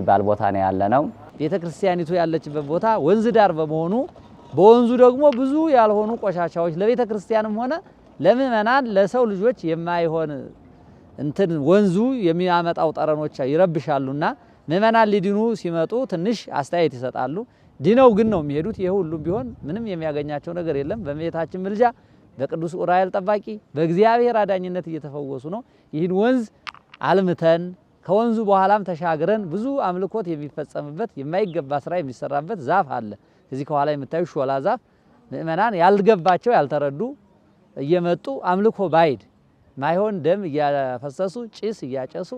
የሚባል ቦታ ነው ያለ ነው። ቤተ ክርስቲያኒቱ ያለችበት ቦታ ወንዝ ዳር በመሆኑ በወንዙ ደግሞ ብዙ ያልሆኑ ቆሻሻዎች ለቤተ ክርስቲያንም ሆነ ለምእመናን ለሰው ልጆች የማይሆን እንትን ወንዙ የሚያመጣው ጠረኖች ይረብሻሉና ምእመናን ሊድኑ ሲመጡ ትንሽ አስተያየት ይሰጣሉ። ድነው ግን ነው የሚሄዱት። ይሄ ሁሉም ቢሆን ምንም የሚያገኛቸው ነገር የለም። በእመቤታችን ምልጃ፣ በቅዱስ ዑራኤል ጠባቂ፣ በእግዚአብሔር አዳኝነት እየተፈወሱ ነው። ይህን ወንዝ አልምተን ከወንዙ በኋላም ተሻግረን ብዙ አምልኮት የሚፈጸምበት የማይገባ ስራ የሚሰራበት ዛፍ አለ። እዚህ ከኋላ የምታዩ ሾላ ዛፍ ምእመናን ያልገባቸው ያልተረዱ እየመጡ አምልኮ ባይድ ማይሆን ደም እያፈሰሱ ጭስ እያጨሱ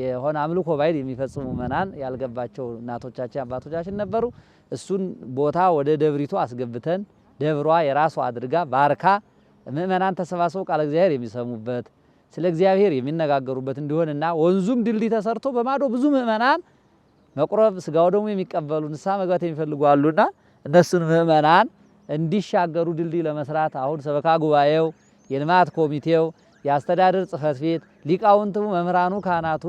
የሆነ አምልኮ ባይድ የሚፈጽሙ ምእመናን ያልገባቸው እናቶቻችን አባቶቻችን ነበሩ። እሱን ቦታ ወደ ደብሪቱ አስገብተን ደብሯ የራሷ አድርጋ ባርካ ምእመናን ተሰባስበው ቃለ እግዚአብሔር የሚሰሙበት ስለ እግዚአብሔር የሚነጋገሩበት እንዲሆንና ወንዙም ድልድይ ተሰርቶ በማዶ ብዙ ምእመናን መቁረብ ስጋው ደግሞ የሚቀበሉ ንስሐ መግባት የሚፈልጉ አሉና እነሱን ምእመናን እንዲሻገሩ ድልድይ ለመስራት አሁን ሰበካ ጉባኤው፣ የልማት ኮሚቴው፣ የአስተዳደር ጽሕፈት ቤት ሊቃውንቱ፣ መምህራኑ፣ ካህናቱ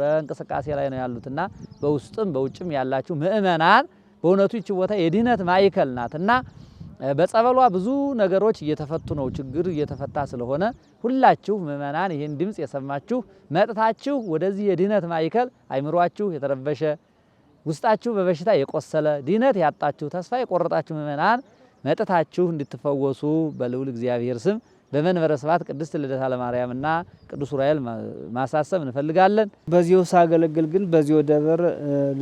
በእንቅስቃሴ ላይ ነው ያሉትና በውስጥም በውጭም ያላችሁ ምእመናን በእውነቱ ይች ቦታ የድህነት ማዕከል ናትና በጸበሏ ብዙ ነገሮች እየተፈቱ ነው። ችግር እየተፈታ ስለሆነ ሁላችሁ ምእመናን ይህን ድምፅ የሰማችሁ መጥታችሁ ወደዚህ የድህነት ማዕከል አይምሯችሁ የተረበሸ ውስጣችሁ በበሽታ የቆሰለ ድህነት ያጣችሁ ተስፋ የቆረጣችሁ ምእመናን መጥታችሁ እንድትፈወሱ በልዑል እግዚአብሔር ስም በመንበረ ስብሐት ቅድስት ልደታ ለማርያምና ቅዱስ ዑራኤል ማሳሰብ እንፈልጋለን። በዚሁ ሳገለግል ግን በዚሁ ደብር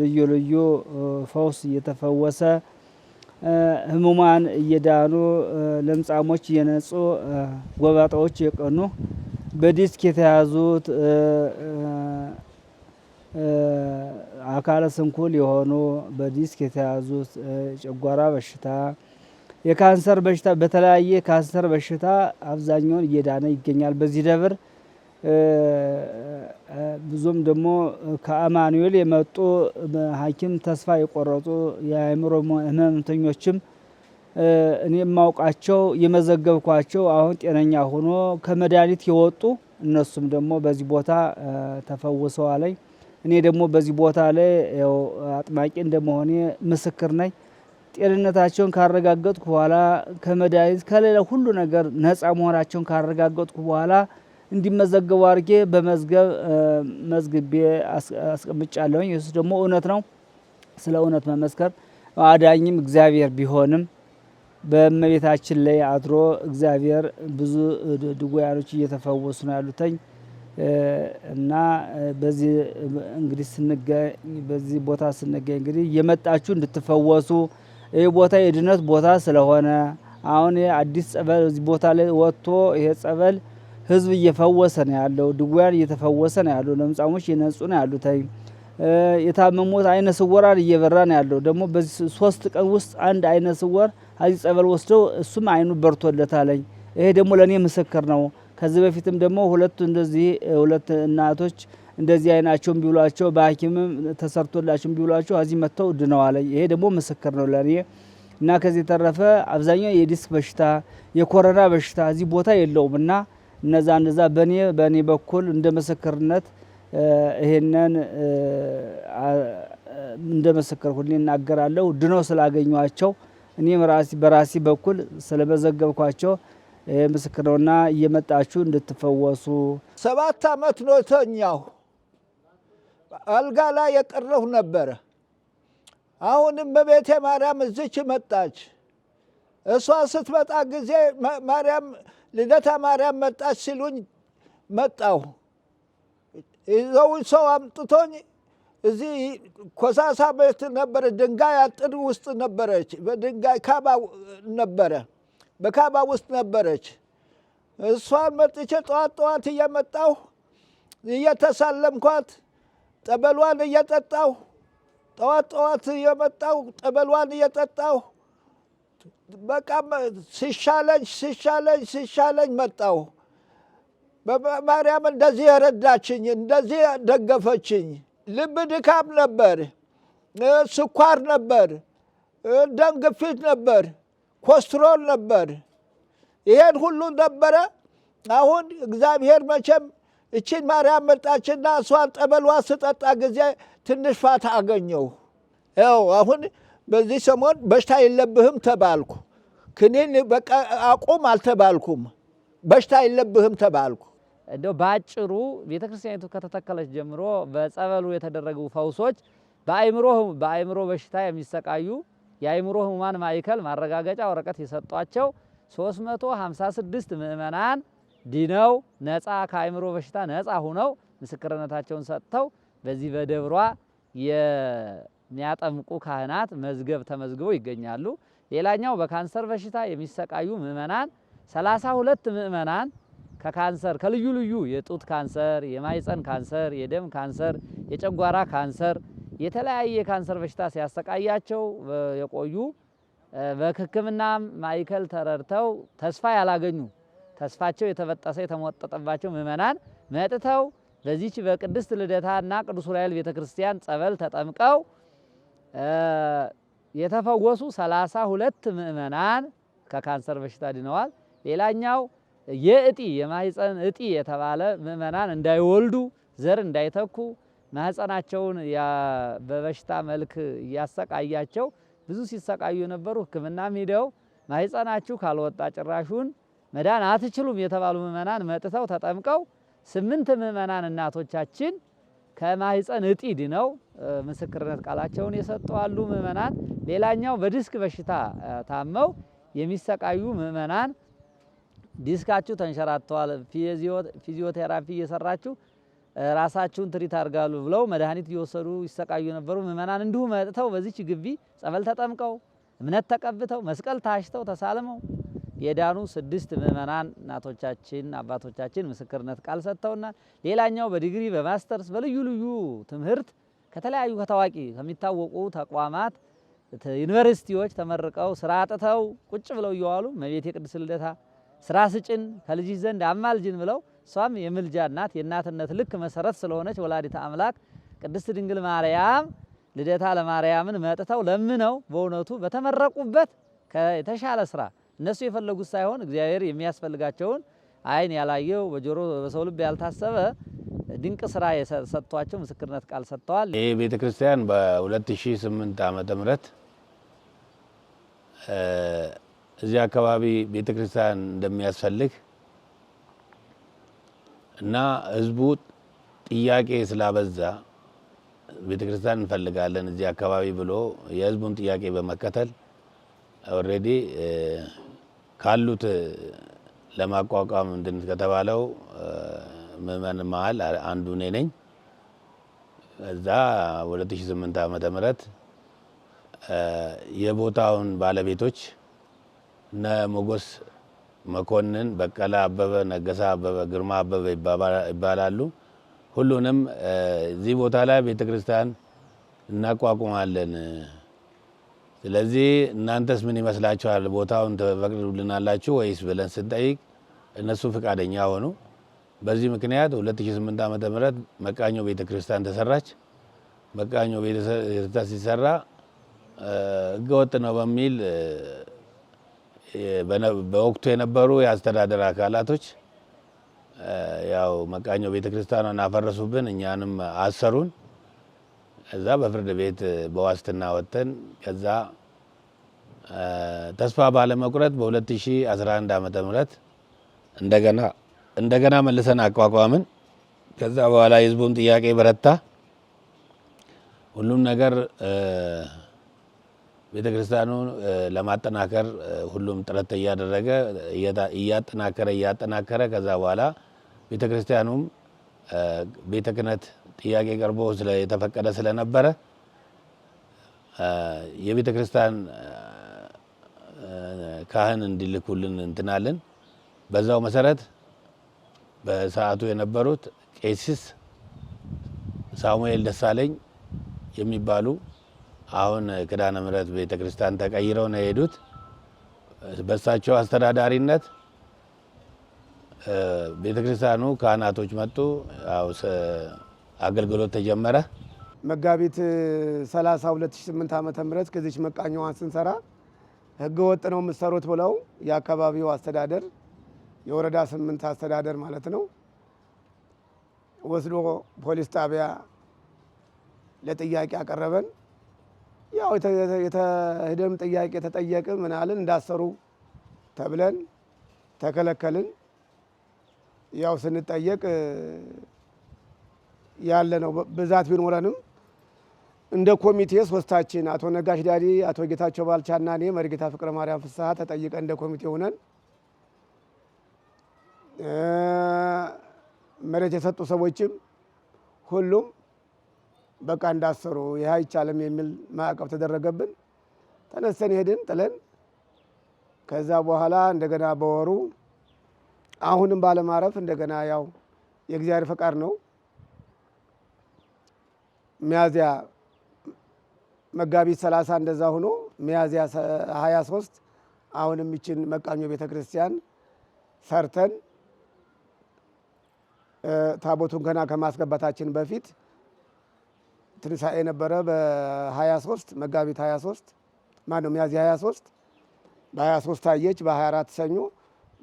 ልዩ ልዩ ፈውስ እየተፈወሰ ህሙማን እየዳኑ ለምጻሞች እየነጹ ጎባጣዎች እየቀኑ በዲስክ የተያዙት አካለ ስንኩል የሆኑ በዲስክ የተያዙት ጨጓራ በሽታ፣ የካንሰር በሽታ፣ በተለያየ ካንሰር በሽታ አብዛኛውን እየዳነ ይገኛል በዚህ ደብር። ብዙም ደግሞ ከአማኑኤል የመጡ ሐኪም ተስፋ የቆረጡ የአእምሮ ህመምተኞችም እኔ የማውቃቸው የመዘገብኳቸው አሁን ጤነኛ ሆኖ ከመድኃኒት የወጡ እነሱም ደግሞ በዚህ ቦታ ተፈውሰዋለኝ። እኔ ደግሞ በዚህ ቦታ ላይ አጥማቂ እንደመሆኔ ምስክር ነኝ። ጤንነታቸውን ካረጋገጥኩ በኋላ ከመድኃኒት ከሌላ ሁሉ ነገር ነፃ መሆናቸውን ካረጋገጥኩ በኋላ እንዲመዘገቡ አድርጌ በመዝገብ መዝግቤ አስቀምጫለሁኝ። እሱ ደግሞ እውነት ነው። ስለ እውነት መመስከር አዳኝም እግዚአብሔር ቢሆንም በእመቤታችን ላይ አድሮ እግዚአብሔር ብዙ ድውያኖች እየተፈወሱ ነው ያሉተኝ እና በዚህ እንግዲህ ስንገኝ በዚህ ቦታ ስንገኝ እንግዲህ የመጣችሁ እንድትፈወሱ ይህ ቦታ የድነት ቦታ ስለሆነ አሁን አዲስ ጸበል እዚህ ቦታ ላይ ወጥቶ ይሄ ጸበል ህዝብ እየፈወሰ ነው ያለው። ድውያን እየተፈወሰ ነው ያለው። ለምጻሞች እየነጹ ነው ያሉት። የታመሙት አይነ ስወራን እየበራ ነው ያለው። ደግሞ በዚህ ሶስት ቀን ውስጥ አንድ አይነ ስወር አዚህ ጸበል ወስደው እሱም አይኑ በርቶለታለኝ። ይሄ ደግሞ ለእኔ ምስክር ነው። ከዚህ በፊትም ደግሞ ሁለቱ እንደዚህ ሁለት እናቶች እንደዚህ አይናቸውን ቢውሏቸው በሐኪምም ተሰርቶላቸውን ቢውሏቸው እዚህ መጥተው ድነዋለኝ። ይሄ ደግሞ ምስክር ነው ለእኔ እና ከዚህ የተረፈ አብዛኛው የዲስክ በሽታ የኮረና በሽታ እዚህ ቦታ የለውም እና እነዛ እነዛ በእኔ በእኔ በኩል እንደ ምስክርነት ይሄንን እንደ ምስክር ሁሉ እናገራለሁ። ድኖ ስላገኟቸው እኔም ራሴ በራሴ በኩል ስለመዘገብኳቸው ምስክር ነውና እየመጣችሁ እንድትፈወሱ። ሰባት ዓመት ነው ተኛሁ፣ አልጋ ላይ የቀረሁ ነበረ። አሁንም በቤቴ ማርያም እዚች መጣች። እሷ ስትመጣ ጊዜ ማርያም ልደታ ማርያም መጣች ሲሉኝ መጣሁ። ይዘውኝ ሰው አምጥቶኝ እዚህ ኮሳሳ ቤት ነበረ። ድንጋይ አጥር ውስጥ ነበረች። በድንጋይ ካባ ነበረ፣ በካባ ውስጥ ነበረች። እሷን መጥቼ ጠዋት ጠዋት እየመጣሁ እየተሳለምኳት ጠበሏን እየጠጣሁ ጠዋት ጠዋት እየመጣሁ ጠበሏን እየጠጣሁ በቃ ሲሻለኝ ሲሻለኝ ሲሻለኝ መጣሁ። ማርያም እንደዚህ የረዳችኝ እንደዚህ ደገፈችኝ። ልብ ድካም ነበር፣ ስኳር ነበር፣ ደም ግፊት ነበር፣ ኮስትሮል ነበር። ይሄን ሁሉ ነበረ። አሁን እግዚአብሔር መቼም እቺን ማርያም መጣችና እሷን ጠበሏ ስጠጣ ጊዜ ትንሽ ፋታ አገኘሁ። ያው አሁን በዚህ ሰሞን በሽታ የለብህም ተባልኩ። ክኒን በቃ አቁም አልተባልኩም። በሽታ የለብህም ተባልኩ። እንደው በአጭሩ ቤተ ክርስቲያኒቱ ከተተከለች ጀምሮ በጸበሉ የተደረጉ ፈውሶች በአእምሮ በሽታ የሚሰቃዩ የአይምሮ ህሙማን ማዕከል ማረጋገጫ ወረቀት የሰጧቸው 356 ምእመናን ድነው ነፃ ከአይምሮ በሽታ ነፃ ሁነው ምስክርነታቸውን ሰጥተው በዚህ በደብሯ የሚያጠምቁ ካህናት መዝገብ ተመዝግበው ይገኛሉ። ሌላኛው በካንሰር በሽታ የሚሰቃዩ ምእመናን ሰላሳ ሁለት ምእመናን ከካንሰር ከልዩ ልዩ የጡት ካንሰር፣ የማይፀን ካንሰር፣ የደም ካንሰር፣ የጨጓራ ካንሰር የተለያየ የካንሰር በሽታ ሲያሰቃያቸው የቆዩ በሕክምናም ማዕከል ተረድተው ተስፋ ያላገኙ ተስፋቸው የተበጠሰ የተሞጠጠባቸው ምእመናን መጥተው በዚች በቅድስት ልደታ እና ቅዱስ ዑራኤል ቤተክርስቲያን ጸበል ተጠምቀው የተፈወሱ ሰላሳ ሁለት ምእመናን ከካንሰር በሽታ ድነዋል። ሌላኛው የእጢ የማህፀን እጢ የተባለ ምእመናን እንዳይወልዱ ዘር እንዳይተኩ ማህፀናቸውን በበሽታ መልክ እያሰቃያቸው ብዙ ሲሰቃዩ የነበሩ ሕክምናም ሂደው ማህፀናችሁ ካልወጣ ጭራሹን መዳን አትችሉም የተባሉ ምእመናን መጥተው ተጠምቀው ስምንት ምእመናን እናቶቻችን ከማህፀን እጢ ድነው ምስክርነት ቃላቸውን የሰጡ አሉ ምእመናን። ሌላኛው በዲስክ በሽታ ታመው የሚሰቃዩ ምእመናን ዲስካችሁ ተንሸራተዋል፣ ፊዚዮቴራፒ እየሰራችሁ ራሳችሁን ትሪት አድርጋሉ ብለው መድኃኒት እየወሰዱ ይሰቃዩ የነበሩ ምእመናን እንዲሁ መጥተው በዚች ግቢ ጸበል ተጠምቀው እምነት ተቀብተው መስቀል ታሽተው ተሳልመው የዳኑ ስድስት ምዕመናን እናቶቻችን አባቶቻችን ምስክርነት ቃል ሰጥተውናል። ሌላኛው በዲግሪ በማስተርስ በልዩ ልዩ ትምህርት ከተለያዩ ከታዋቂ ከሚታወቁ ተቋማት ዩኒቨርሲቲዎች ተመርቀው ስራ አጥተው ቁጭ ብለው እየዋሉ መቤት ቅድስት ልደታ ስራ ስጭን ከልጅሽ ዘንድ አማልጅን ብለው እሷም የምልጃ እናት የእናትነት ልክ መሰረት ስለሆነች ወላዲተ አምላክ ቅድስት ድንግል ማርያም ልደታ ለማርያምን መጥተው ለምነው በእውነቱ በተመረቁበት የተሻለ ስራ እነሱ የፈለጉት ሳይሆን እግዚአብሔር የሚያስፈልጋቸውን አይን ያላየው በጆሮ በሰው ልብ ያልታሰበ ድንቅ ስራ የሰጥቷቸው ምስክርነት ቃል ሰጥተዋል። ይህ ቤተ ክርስቲያን በ2008 ዓመተ ምህረት እዚህ አካባቢ ቤተ ክርስቲያን እንደሚያስፈልግ እና ህዝቡ ጥያቄ ስላበዛ ቤተ ክርስቲያን እንፈልጋለን እዚህ አካባቢ ብሎ የህዝቡን ጥያቄ በመከተል ኦልሬዲ ካሉት ለማቋቋም እንድን ከተባለው ምዕመን መሀል አንዱ እኔ ነኝ። እዛ ወደ 2008 ዓመተ ምህረት የቦታውን ባለቤቶች እነ ሞጎስ መኮንን፣ በቀለ አበበ፣ ነገሳ አበበ፣ ግርማ አበበ ይባላሉ። ሁሉንም እዚህ ቦታ ላይ ቤተ ክርስቲያን እናቋቁማለን ስለዚህ እናንተስ ምን ይመስላችኋል? ቦታውን ትፈቅዱልናላችሁ ወይስ ብለን ስንጠይቅ እነሱ ፈቃደኛ ሆኑ። በዚህ ምክንያት 2008 ዓ ም መቃኞ ቤተ ክርስቲያን ተሰራች። መቃኞ ቤተ ሲሰራ ህገወጥ ነው በሚል በወቅቱ የነበሩ የአስተዳደር አካላቶች ያው መቃኞ ቤተ ክርስቲያኗን አፈረሱብን፣ እኛንም አሰሩን። እዛ በፍርድ ቤት በዋስትና ወጥተን ከዛ ተስፋ ባለመቁረጥ በ2011 ዓ ም እንደገና እንደገና መልሰን አቋቋምን። ከዛ በኋላ የህዝቡም ጥያቄ በረታ። ሁሉም ነገር ቤተ ክርስቲያኑ ለማጠናከር ሁሉም ጥረት እያደረገ እያጠናከረ እያጠናከረ ከዛ በኋላ ቤተ ክርስቲያኑም ቤተ ክህነት ጥያቄ ቀርቦ የተፈቀደ ስለነበረ የቤተ ክርስቲያን ካህን እንዲልኩልን እንትናለን። በዛው መሰረት በሰዓቱ የነበሩት ቄሲስ ሳሙኤል ደሳለኝ የሚባሉ አሁን ክዳነ ምሕረት ቤተ ክርስቲያን ተቀይረው ነው የሄዱት። በእሳቸው አስተዳዳሪነት ቤተ ክርስቲያኑ ካህናቶች መጡ። አገልግሎት ተጀመረ። መጋቢት 30 2008 ዓ ም ከዚች መቃኛዋን ስንሰራ ህገ ወጥ ነው የምትሰሩት ብለው የአካባቢው አስተዳደር የወረዳ ስምንት አስተዳደር ማለት ነው ወስዶ ፖሊስ ጣቢያ ለጥያቄ አቀረበን። ያው የተህደም ጥያቄ ተጠየቅ ምናልን እንዳሰሩ ተብለን ተከለከልን። ያው ስንጠየቅ ያለ ነው። ብዛት ቢኖረንም እንደ ኮሚቴ ሶስታችን አቶ ነጋሽ ዳዲ፣ አቶ ጌታቸው ባልቻና እኔ መሪጌታ ፍቅረ ማርያም ፍስሐ ተጠይቀን እንደ ኮሚቴ ሆነን መሬት የሰጡ ሰዎችም ሁሉም በቃ እንዳሰሩ ይህ አይቻልም የሚል ማዕቀብ ተደረገብን። ተነስተን ሄድን ጥለን ከዛ በኋላ እንደገና በወሩ አሁንም ባለማረፍ እንደገና ያው የእግዚአብሔር ፈቃድ ነው ሚያዚያ መጋቢት 30 እንደዛ ሆኖ ሚያዚያ 23 አሁንም ይችን መቃኞ ቤተ ክርስቲያን ሰርተን ታቦቱን ገና ከማስገባታችን በፊት ትንሳኤ ነበረ። በ23 መጋቢት 23 ማነው ሚያዚያ 23 በ23 ታየች። በ24 ሰኞ፣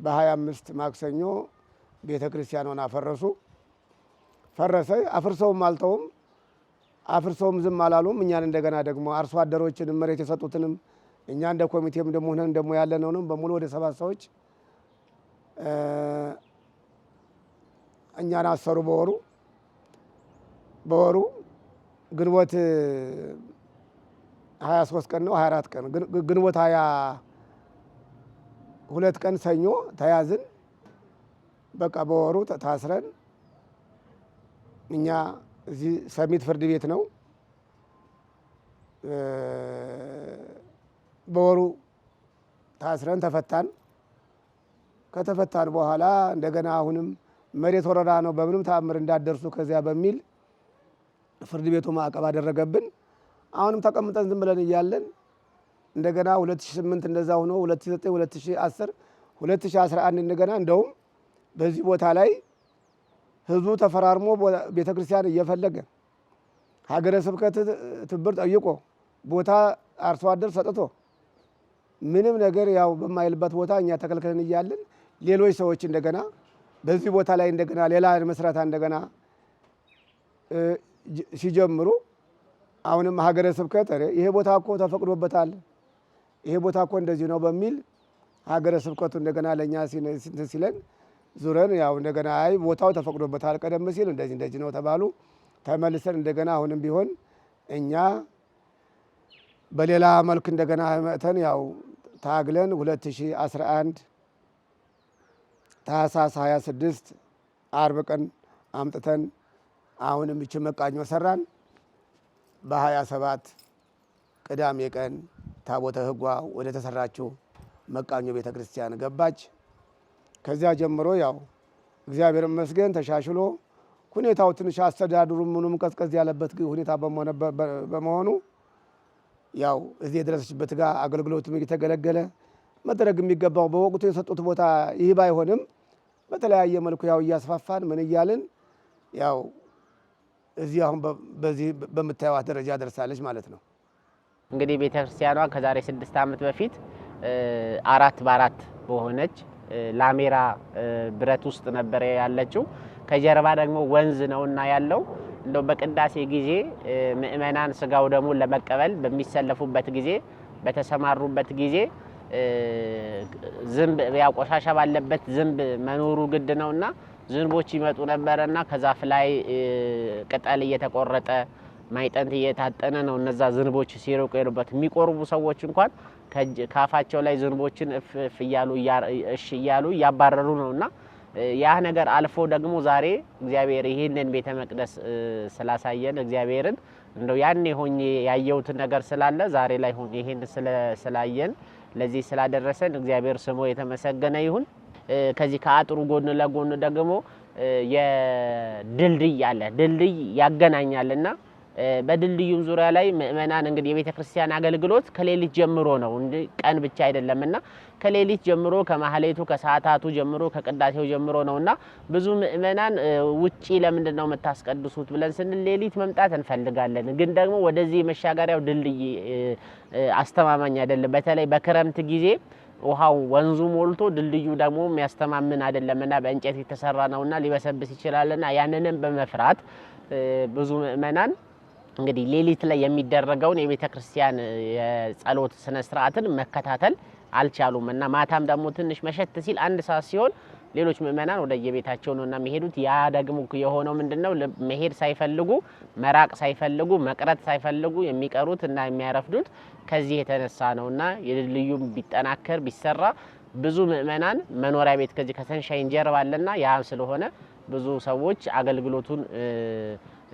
በ25 ማክሰኞ ቤተ ክርስቲያኗን አፈረሱ። ፈረሰ አፍርሰውም አልተውም አፍርሰውም ዝም አላሉም። እኛን እንደገና ደግሞ አርሶ አደሮችንም መሬት የሰጡትንም እኛ እንደ ኮሚቴም ደግሞ ሆነን ደግሞ ያለነውንም በሙሉ ወደ ሰባት ሰዎች እኛን አሰሩ። በወሩ በወሩ ግንቦት ሀያ ሶስት ቀን ነው ሀያ አራት ቀን ግንቦት ሀያ ሁለት ቀን ሰኞ ተያዝን። በቃ በወሩ ታስረን እኛ እዚህ ሰሚት ፍርድ ቤት ነው። በወሩ ታስረን ተፈታን። ከተፈታን በኋላ እንደገና አሁንም መሬት ወረራ ነው፣ በምንም ተአምር እንዳደርሱ ከዚያ በሚል ፍርድ ቤቱ ማዕቀብ አደረገብን። አሁንም ተቀምጠን ዝም ብለን እያለን እንደገና 2008 እንደዛ ሆኖ 2009፣ 2010፣ 2011 እንደገና እንደውም በዚህ ቦታ ላይ ህዝቡ ተፈራርሞ ቤተ ክርስቲያን እየፈለገ ሀገረ ስብከት ትብር ጠይቆ ቦታ አርሶ አደር ሰጥቶ ምንም ነገር ያው በማይልበት ቦታ እኛ ተከልክለን እያለን ሌሎች ሰዎች እንደገና በዚህ ቦታ ላይ እንደገና ሌላ መስረታ እንደገና ሲጀምሩ አሁንም ሀገረ ስብከት ይሄ ቦታ እኮ ተፈቅዶበታል፣ ይሄ ቦታ እኮ እንደዚህ ነው በሚል ሀገረ ስብከቱ እንደገና ለእኛ ሲለን ዙረን ያው እንደገና አይ ቦታው ተፈቅዶበታል፣ ቀደም ሲል እንደዚህ እንደዚህ ነው ተባሉ። ተመልሰን እንደገና አሁንም ቢሆን እኛ በሌላ መልክ እንደገና መእተን ያው ታግለን 2011 ታህሳስ 26 አርብ ቀን አምጥተን አሁንም ይች መቃኞ ሰራን። በ27 ቅዳሜ ቀን ታቦተ ሕጓ ወደ ተሰራችው መቃኞ ቤተ ክርስቲያን ገባች። ከዚያ ጀምሮ ያው እግዚአብሔር ይመስገን ተሻሽሎ ሁኔታው ትንሽ አስተዳድሩ ምኑም ቀዝቀዝ ያለበት ሁኔታ በመሆኑ ያው እዚህ የደረሰችበት ጋር አገልግሎትም እየተገለገለ መደረግ የሚገባው በወቅቱ የሰጡት ቦታ ይህ ባይሆንም በተለያየ መልኩ ያው እያስፋፋን ምን እያልን ያው እዚህ አሁን በዚህ በምታየዋት ደረጃ ደርሳለች ማለት ነው። እንግዲህ ቤተክርስቲያኗ ከዛሬ ስድስት ዓመት በፊት አራት በአራት በሆነች ላሜራ ብረት ውስጥ ነበረ ያለችው። ከጀርባ ደግሞ ወንዝ ነው እና ያለው እንደው በቅዳሴ ጊዜ ምእመናን ስጋው ደግሞ ለመቀበል በሚሰለፉበት ጊዜ በተሰማሩበት ጊዜ ዝንብ ያው ቆሻሻ ባለበት ዝንብ መኖሩ ግድ እና ዝንቦች ይመጡ እና ከዛፍ ላይ ቅጠል እየተቆረጠ ማይጠንት እየታጠነ ነው እነዛ ዝንቦች ሲርቁ የሉበት የሚቆርቡ ሰዎች እንኳን ካፋቸው ላይ ዝንቦችን እፍ እያሉ እሺ እያሉ እያባረሩ ነው እና ያህ ነገር አልፎ ደግሞ ዛሬ እግዚአብሔር ይህንን ቤተ መቅደስ ስላሳየን እግዚአብሔርን እንደው ያኔ ሆኜ ያየሁትን ነገር ስላለ ዛሬ ላይ ሆኜ ይህን ስላየን ለዚህ ስላደረሰን እግዚአብሔር ስሙ የተመሰገነ ይሁን። ከዚህ ከአጥሩ ጎን ለጎን ደግሞ የድልድይ አለ። ድልድይ ያገናኛልና በድልድዩም ዙሪያ ላይ ምእመናን እንግዲህ የቤተ ክርስቲያን አገልግሎት ከሌሊት ጀምሮ ነው፣ ቀን ብቻ አይደለም እና ከሌሊት ጀምሮ ከማህሌቱ ከሰዓታቱ ጀምሮ ከቅዳሴው ጀምሮ ነው እና ብዙ ምእመናን ውጪ ለምንድን ነው የምታስቀድሱት ብለን ስንል ሌሊት መምጣት እንፈልጋለን፣ ግን ደግሞ ወደዚህ መሻገሪያው ድልድይ አስተማማኝ አይደለም። በተለይ በክረምት ጊዜ ውሃው ወንዙ ሞልቶ ድልድዩ ደግሞ የሚያስተማምን አይደለምና በእንጨት የተሰራ ነውና ሊበሰብስ ይችላልና ያንንም በመፍራት ብዙ ምእመናን እንግዲህ ሌሊት ላይ የሚደረገውን የቤተ ክርስቲያን የጸሎት ስነ ስርዓትን መከታተል አልቻሉም እና ማታም ደግሞ ትንሽ መሸት ሲል አንድ ሰዓት ሲሆን ሌሎች ምእመናን ወደ የቤታቸው ነው እና የሚሄዱት። ያ ደግሞ የሆነው ምንድን ነው? መሄድ ሳይፈልጉ መራቅ ሳይፈልጉ መቅረት ሳይፈልጉ የሚቀሩት እና የሚያረፍዱት ከዚህ የተነሳ ነው እና ልዩም ቢጠናከር ቢሰራ ብዙ ምእመናን መኖሪያ ቤት ከዚህ ከሰንሻይን ጀርባ አለና ያ ስለሆነ ብዙ ሰዎች አገልግሎቱን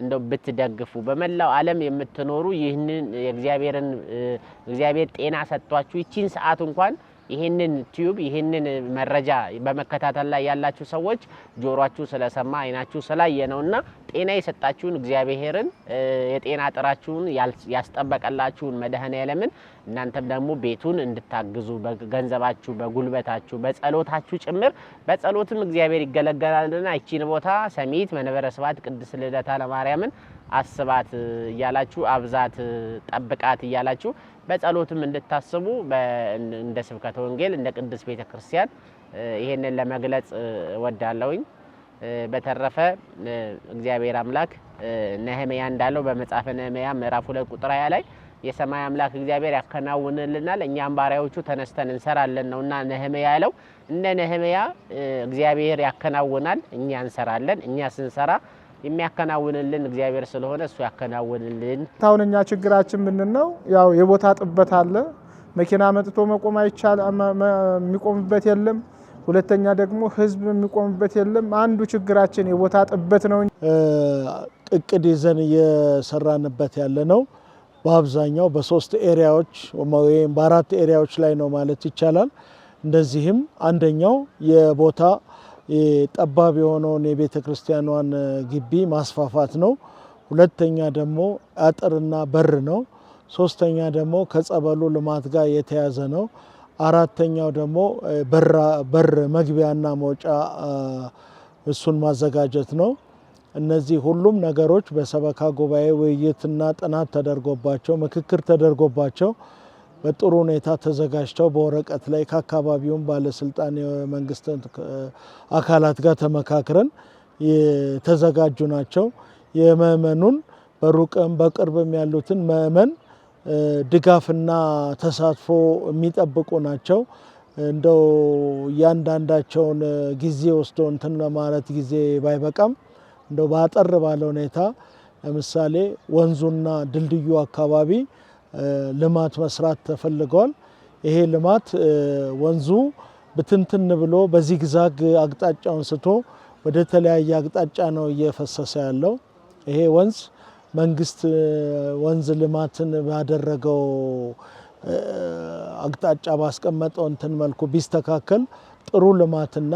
እንደው ብትደግፉ በመላው ዓለም የምትኖሩ ይህንን የእግዚአብሔርን እግዚአብሔር ጤና ሰጥቷችሁ ይቺን ሰዓት እንኳን ይህንን ቲዩብ ይህንን መረጃ በመከታተል ላይ ያላችሁ ሰዎች ጆሯችሁ ስለሰማ አይናችሁ ስላየ ነውና ጤና የሰጣችሁን እግዚአብሔርን የጤና ጥራችሁን ያስጠበቀላችሁን መድህን ያለምን እናንተም ደግሞ ቤቱን እንድታግዙ በገንዘባችሁ፣ በጉልበታችሁ፣ በጸሎታችሁ ጭምር በጸሎትም እግዚአብሔር ይገለገላልና ይቺን ቦታ ሰሚት መንበረ ስብሐት ቅድስት ልደታ ለማርያምን አስባት እያላችሁ አብዛት ጠብቃት እያላችሁ በጸሎትም እንድታስቡ እንደ ስብከተ ወንጌል እንደ ቅዱስ ቤተ ክርስቲያን ይሄንን ለመግለጽ እወዳለሁኝ። በተረፈ እግዚአብሔር አምላክ ነህምያ እንዳለው በመጽሐፈ ነህምያ ምዕራፍ ሁለት ቁጥር ሀያ ላይ የሰማይ አምላክ እግዚአብሔር ያከናውንልናል እኛም ባሪያዎቹ ተነስተን እንሰራለን እና ነህምያ ያለው። እንደ ነህምያ እግዚአብሔር ያከናውናል፣ እኛ እንሰራለን። እኛ ስንሰራ የሚያከናውንልን እግዚአብሔር ስለሆነ እሱ ያከናውንልን። አሁን እኛ ችግራችን ምንድን ነው? ያው የቦታ ጥበት አለ። መኪና መጥቶ መቆም አይቻል፣ የሚቆምበት የለም። ሁለተኛ ደግሞ ህዝብ የሚቆምበት የለም። አንዱ ችግራችን የቦታ ጥበት ነው። እቅድ ይዘን እየሰራንበት ያለ ነው። በአብዛኛው በሶስት ኤሪያዎች ወይም በአራት ኤሪያዎች ላይ ነው ማለት ይቻላል። እንደዚህም አንደኛው የቦታ ጠባብ የሆነውን የቤተ ክርስቲያኗን ግቢ ማስፋፋት ነው። ሁለተኛ ደግሞ አጥርና በር ነው። ሶስተኛ ደግሞ ከጸበሉ ልማት ጋር የተያዘ ነው። አራተኛው ደግሞ በር መግቢያና መውጫ እሱን ማዘጋጀት ነው። እነዚህ ሁሉም ነገሮች በሰበካ ጉባኤ ውይይትና ጥናት ተደርጎባቸው ምክክር ተደርጎባቸው በጥሩ ሁኔታ ተዘጋጅተው በወረቀት ላይ ከአካባቢውን ባለስልጣን የመንግስት አካላት ጋር ተመካክረን የተዘጋጁ ናቸው። የምእመኑን በሩቅም በቅርብም ያሉትን ምእመን ድጋፍና ተሳትፎ የሚጠብቁ ናቸው። እንደው እያንዳንዳቸውን ጊዜ ወስዶ እንትን ለማለት ጊዜ ባይበቃም እንደው በአጠር ባለ ሁኔታ ለምሳሌ ወንዙና ድልድዩ አካባቢ ልማት መስራት ተፈልጓል። ይሄ ልማት ወንዙ ብትንትን ብሎ በዚግዛግ አቅጣጫውን ስቶ ወደ ተለያየ አቅጣጫ ነው እየፈሰሰ ያለው። ይሄ ወንዝ መንግስት ወንዝ ልማትን ባደረገው አቅጣጫ ባስቀመጠው እንትን መልኩ ቢስተካከል ጥሩ ልማትና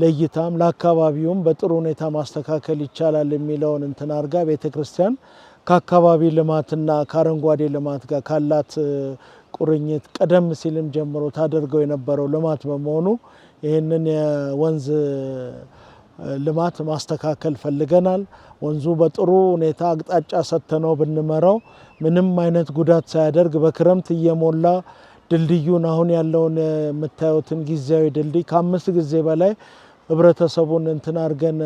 ለእይታም ለአካባቢውም በጥሩ ሁኔታ ማስተካከል ይቻላል የሚለውን እንትን አድርጋ ቤተ ክርስቲያን ከአካባቢ ልማትና ከአረንጓዴ ልማት ጋር ካላት ቁርኝት ቀደም ሲልም ጀምሮ ታደርገው የነበረው ልማት በመሆኑ ይህንን የወንዝ ልማት ማስተካከል ፈልገናል። ወንዙ በጥሩ ሁኔታ አቅጣጫ ሰጥተነው ብንመራው ምንም አይነት ጉዳት ሳያደርግ በክረምት እየሞላ ድልድዩን አሁን ያለውን የምታዩትን ጊዜያዊ ድልድይ ከአምስት ጊዜ በላይ ህብረተሰቡን እንትን አድርገን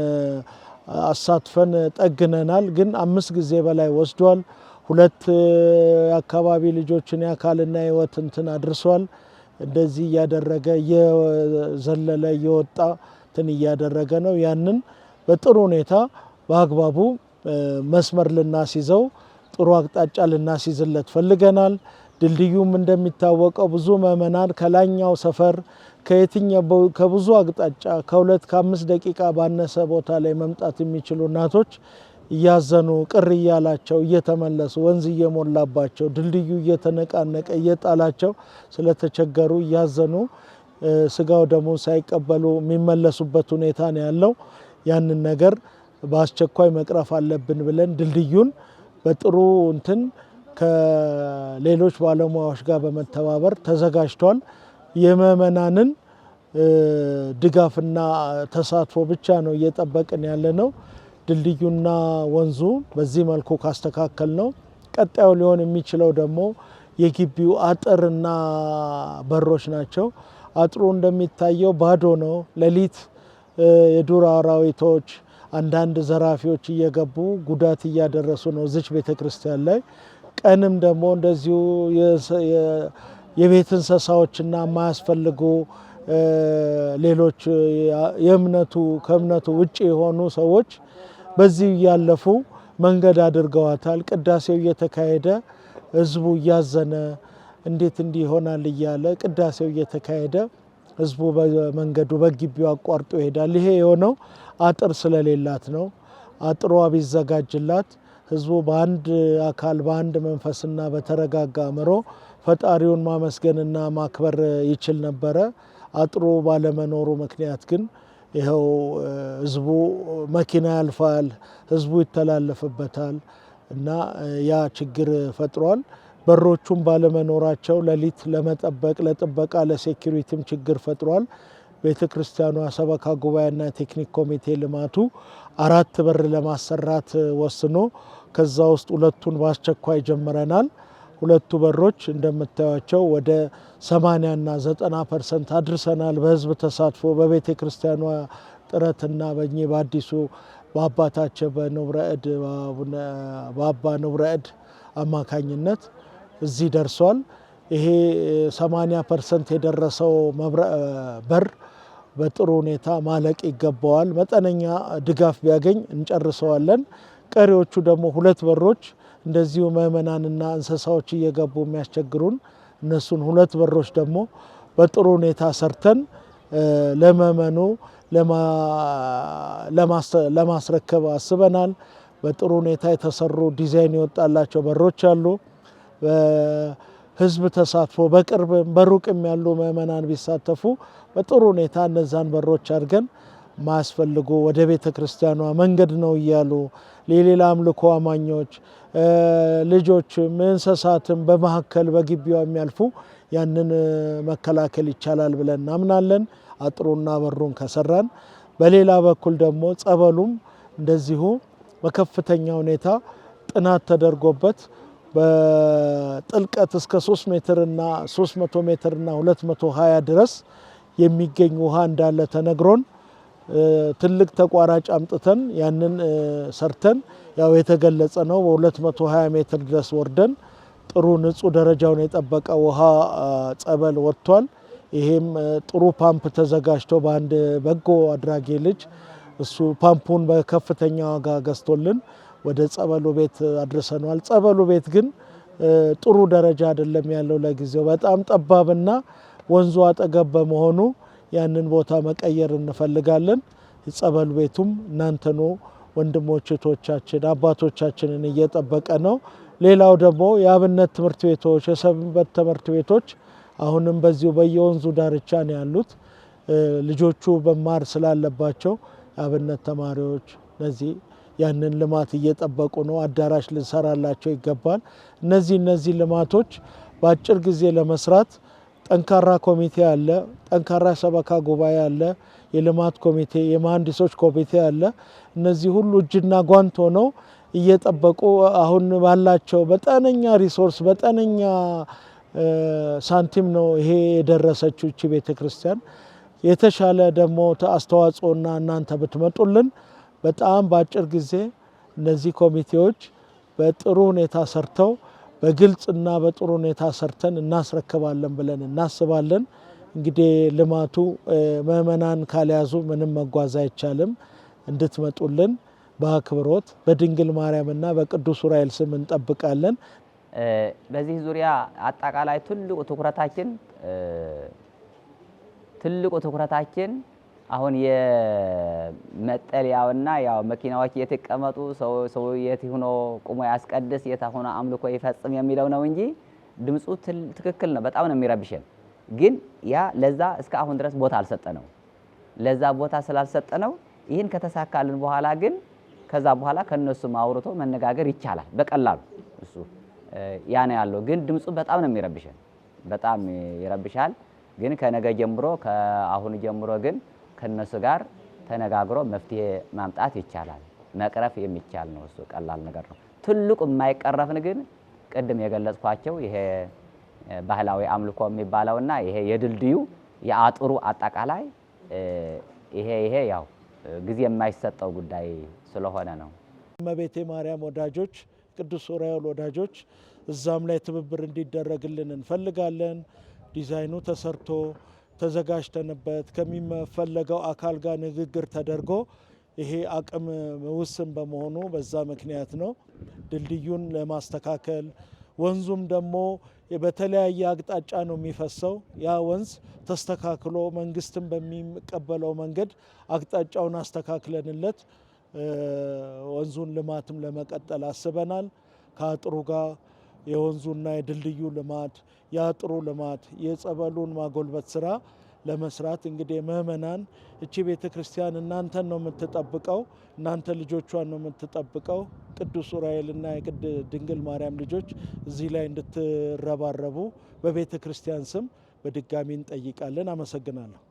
አሳትፈን ጠግነናል። ግን አምስት ጊዜ በላይ ወስዷል። ሁለት አካባቢ ልጆችን የአካልና የሕይወት እንትን አድርሷል። እንደዚህ እያደረገ እየዘለለ እየወጣ እንትን እያደረገ ነው። ያንን በጥሩ ሁኔታ በአግባቡ መስመር ልናስይዘው ጥሩ አቅጣጫ ልናስይዝለት ፈልገናል። ድልድዩም እንደሚታወቀው ብዙ ምዕመናን ከላይኛው ሰፈር ከየትኛው ከብዙ አቅጣጫ ከሁለት ከአምስት ደቂቃ ባነሰ ቦታ ላይ መምጣት የሚችሉ እናቶች እያዘኑ ቅር እያላቸው እየተመለሱ ወንዝ እየሞላባቸው ድልድዩ እየተነቃነቀ እየጣላቸው ስለተቸገሩ እያዘኑ ስጋው ደግሞ ሳይቀበሉ የሚመለሱበት ሁኔታ ነው ያለው። ያንን ነገር በአስቸኳይ መቅረፍ አለብን ብለን ድልድዩን በጥሩ እንትን ከሌሎች ባለሙያዎች ጋር በመተባበር ተዘጋጅቷል። የምእመናንን ድጋፍና ተሳትፎ ብቻ ነው እየጠበቅን ያለ ነው። ድልድዩና ወንዙ በዚህ መልኩ ካስተካከል ነው ቀጣዩ ሊሆን የሚችለው ደግሞ የግቢው አጥርና በሮች ናቸው። አጥሩ እንደሚታየው ባዶ ነው። ሌሊት የዱር አራዊቶች፣ አንዳንድ ዘራፊዎች እየገቡ ጉዳት እያደረሱ ነው እዚች ቤተ ክርስቲያን ላይ። ቀንም ደግሞ እንደዚሁ የቤት እንስሳዎችና የማያስፈልጉ ሌሎች የእምነቱ ከእምነቱ ውጭ የሆኑ ሰዎች በዚህ እያለፉ መንገድ አድርገዋታል። ቅዳሴው እየተካሄደ ህዝቡ እያዘነ እንዴት እንዲህ ይሆናል እያለ ቅዳሴው እየተካሄደ ህዝቡ በመንገዱ በግቢው አቋርጦ ይሄዳል። ይሄ የሆነው አጥር ስለሌላት ነው። አጥሯ ቢዘጋጅላት ህዝቡ በአንድ አካል በአንድ መንፈስና በተረጋጋ አእምሮ ፈጣሪውን ማመስገንና ማክበር ይችል ነበረ። አጥሮ ባለመኖሩ ምክንያት ግን ይኸው ህዝቡ መኪና ያልፋል፣ ህዝቡ ይተላለፍበታል እና ያ ችግር ፈጥሯል። በሮቹም ባለመኖራቸው ሌሊት ለመጠበቅ ለጥበቃ ለሴኪሪቲም ችግር ፈጥሯል። ቤተ ክርስቲያኗ ሰበካ ጉባኤና ቴክኒክ ኮሚቴ ልማቱ አራት በር ለማሰራት ወስኖ ከዛ ውስጥ ሁለቱን በአስቸኳይ ጀምረናል። ሁለቱ በሮች እንደምታዩቸው ወደ 80ና 90 ፐርሰንት አድርሰናል። በህዝብ ተሳትፎ በቤተ ክርስቲያኗ ጥረትና በእኚህ በአዲሱ በአባታቸው በንቡረእድ በአባ ንቡረእድ አማካኝነት እዚህ ደርሷል። ይሄ 80 ፐርሰንት የደረሰው በር በጥሩ ሁኔታ ማለቅ ይገባዋል። መጠነኛ ድጋፍ ቢያገኝ እንጨርሰዋለን። ቀሪዎቹ ደግሞ ሁለት በሮች እንደዚሁ ምእመናንና እንስሳዎች እየገቡ የሚያስቸግሩን እነሱን ሁለት በሮች ደግሞ በጥሩ ሁኔታ ሰርተን ለመመኑ ለማስረከብ አስበናል። በጥሩ ሁኔታ የተሰሩ ዲዛይን የወጣላቸው በሮች አሉ። በህዝብ ተሳትፎ በቅርብም በሩቅም ያሉ ምእመናን ቢሳተፉ በጥሩ ሁኔታ እነዛን በሮች አድርገን ማስፈልጎ ወደ ቤተ ክርስቲያኗ መንገድ ነው እያሉ የሌላ አምልኮ አማኞች ልጆችም እንስሳትም በመካከል በግቢዋ የሚያልፉ ያንን መከላከል ይቻላል ብለን እናምናለን። አጥሩና በሩን ከሰራን፣ በሌላ በኩል ደግሞ ጸበሉም እንደዚሁ በከፍተኛ ሁኔታ ጥናት ተደርጎበት በጥልቀት እስከ 3 ሜትርና 300 ሜትርና 220 ድረስ የሚገኝ ውሃ እንዳለ ተነግሮን ትልቅ ተቋራጭ አምጥተን ያንን ሰርተን ያው የተገለጸ ነው። በ220 ሜትር ድረስ ወርደን ጥሩ ንጹህ ደረጃውን የጠበቀ ውሃ ጸበል ወጥቷል። ይሄም ጥሩ ፓምፕ ተዘጋጅቶ በአንድ በጎ አድራጊ ልጅ እሱ ፓምፑን በከፍተኛ ዋጋ ገዝቶልን ወደ ጸበሉ ቤት አድርሰነዋል። ጸበሉ ቤት ግን ጥሩ ደረጃ አይደለም ያለው ለጊዜው በጣም ጠባብና ወንዙ አጠገብ በመሆኑ ያንን ቦታ መቀየር እንፈልጋለን። ጸበል ቤቱም እናንተኑ ወንድሞች እህቶቻችን፣ አባቶቻችንን እየጠበቀ ነው። ሌላው ደግሞ የአብነት ትምህርት ቤቶች፣ የሰንበት ትምህርት ቤቶች አሁንም በዚሁ በየወንዙ ዳርቻ ነው ያሉት። ልጆቹ መማር ስላለባቸው የአብነት ተማሪዎች እነዚህ ያንን ልማት እየጠበቁ ነው። አዳራሽ ልንሰራላቸው ይገባል። እነዚህ እነዚህ ልማቶች በአጭር ጊዜ ለመስራት ጠንካራ ኮሚቴ አለ፣ ጠንካራ ሰበካ ጉባኤ አለ፣ የልማት ኮሚቴ፣ የመሀንዲሶች ኮሚቴ አለ። እነዚህ ሁሉ እጅና ጓንት ሆነው እየጠበቁ አሁን ባላቸው በጠነኛ ሪሶርስ በጠነኛ ሳንቲም ነው ይሄ የደረሰችው እቺ ቤተ ክርስቲያን። የተሻለ ደግሞ አስተዋጽኦና እናንተ ብትመጡልን በጣም በአጭር ጊዜ እነዚህ ኮሚቴዎች በጥሩ ሁኔታ ሰርተው በግልጽና በጥሩ ሁኔታ ሰርተን እናስረክባለን ብለን እናስባለን። እንግዲህ ልማቱ ምእመናን ካልያዙ ምንም መጓዝ አይቻልም። እንድትመጡልን በአክብሮት በድንግል ማርያምና በቅዱስ ዑራኤል ስም እንጠብቃለን። በዚህ ዙሪያ አጠቃላይ ትልቁ ትኩረታችን ትልቁ ትኩረታችን አሁን የመጠለያውና ያው መኪናዎች የት ይቀመጡ፣ ሰው የት ሆኖ ቁሞ ያስቀድስ፣ የት ሆኖ አምልኮ ይፈጽም የሚለው ነው እንጂ ድምፁ ትክክል ነው። በጣም ነው የሚረብሸን። ግን ያ ለዛ እስከ አሁን ድረስ ቦታ አልሰጠነው። ለዛ ቦታ ስላልሰጠነው ይህን ከተሳካልን በኋላ ግን ከዛ በኋላ ከነሱም አውርቶ መነጋገር ይቻላል በቀላሉ። እሱ ያ ነው ያለው። ግን ድምፁ በጣም ነው የሚረብሸን፣ በጣም ይረብሻል። ግን ከነገ ጀምሮ ከአሁን ጀምሮ ግን ከነሱ ጋር ተነጋግሮ መፍትሄ ማምጣት ይቻላል። መቅረፍ የሚቻል ነው። እሱ ቀላል ነገር ነው። ትልቁ የማይቀረፍን ግን ቅድም የገለጽኳቸው ይሄ ባህላዊ አምልኮ የሚባለውና ይሄ የድልድዩ የአጥሩ አጠቃላይ ይሄ ይሄ ያው ጊዜ የማይሰጠው ጉዳይ ስለሆነ ነው። እመቤቴ ማርያም ወዳጆች፣ ቅዱስ ዑራኤል ወዳጆች፣ እዛም ላይ ትብብር እንዲደረግልን እንፈልጋለን። ዲዛይኑ ተሰርቶ ተዘጋጅተንበት ከሚፈለገው አካል ጋር ንግግር ተደርጎ ይሄ አቅም ውስን በመሆኑ በዛ ምክንያት ነው ድልድዩን ለማስተካከል ወንዙም ደግሞ በተለያየ አቅጣጫ ነው የሚፈሰው። ያ ወንዝ ተስተካክሎ መንግስትን በሚቀበለው መንገድ አቅጣጫውን አስተካክለንለት ወንዙን ልማትም ለመቀጠል አስበናል። ከአጥሩ ጋር የወንዙና የድልድዩ ልማት፣ የአጥሩ ልማት፣ የጸበሉን ማጎልበት ስራ ለመስራት እንግዲህ ምእመናን እቺ ቤተ ክርስቲያን እናንተን ነው የምትጠብቀው፣ እናንተ ልጆቿን ነው የምትጠብቀው። ቅዱስ ዑራኤልና የቅድ ድንግል ማርያም ልጆች እዚህ ላይ እንድትረባረቡ በቤተ ክርስቲያን ስም በድጋሚ እንጠይቃለን። አመሰግናለሁ።